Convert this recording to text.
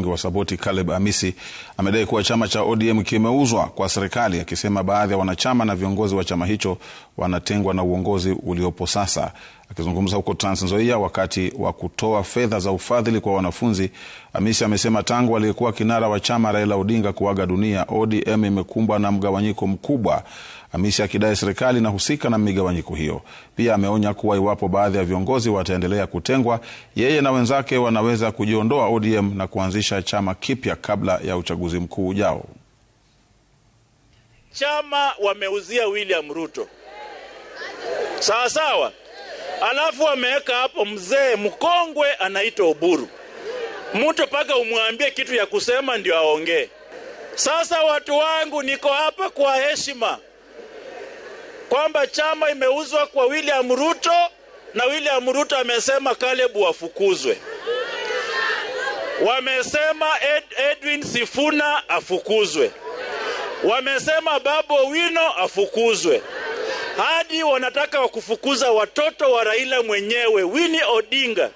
mbunge wa Saboti Caleb Amisi amedai kuwa chama cha ODM kimeuzwa kwa serikali, akisema baadhi ya wanachama na viongozi wa chama hicho wanatengwa na uongozi uliopo sasa. Akizungumza huko Trans Nzoia wakati wa kutoa fedha za ufadhili kwa wanafunzi, Hamisi amesema tangu aliyekuwa kinara wa chama Raila Odinga kuaga dunia, ODM imekumbwa na mgawanyiko mkubwa, Hamisi akidai serikali inahusika na migawanyiko hiyo. Pia ameonya kuwa iwapo baadhi ya viongozi wataendelea kutengwa, yeye na wenzake wanaweza kujiondoa ODM na kuanzisha chama kipya kabla ya uchaguzi mkuu ujao. Chama wameuzia William Ruto, sawa sawa alafu ameweka hapo mzee mkongwe anaitwa Oburu. Mtu paka umwambie kitu ya kusema ndio aongee. Sasa watu wangu, niko hapa kwa heshima kwamba chama imeuzwa kwa William Ruto na William Ruto amesema Caleb afukuzwe, wamesema Ed, Edwin Sifuna afukuzwe, wamesema Babu Owino afukuzwe hadi wanataka wakufukuza watoto wa Raila mwenyewe Winnie Odinga.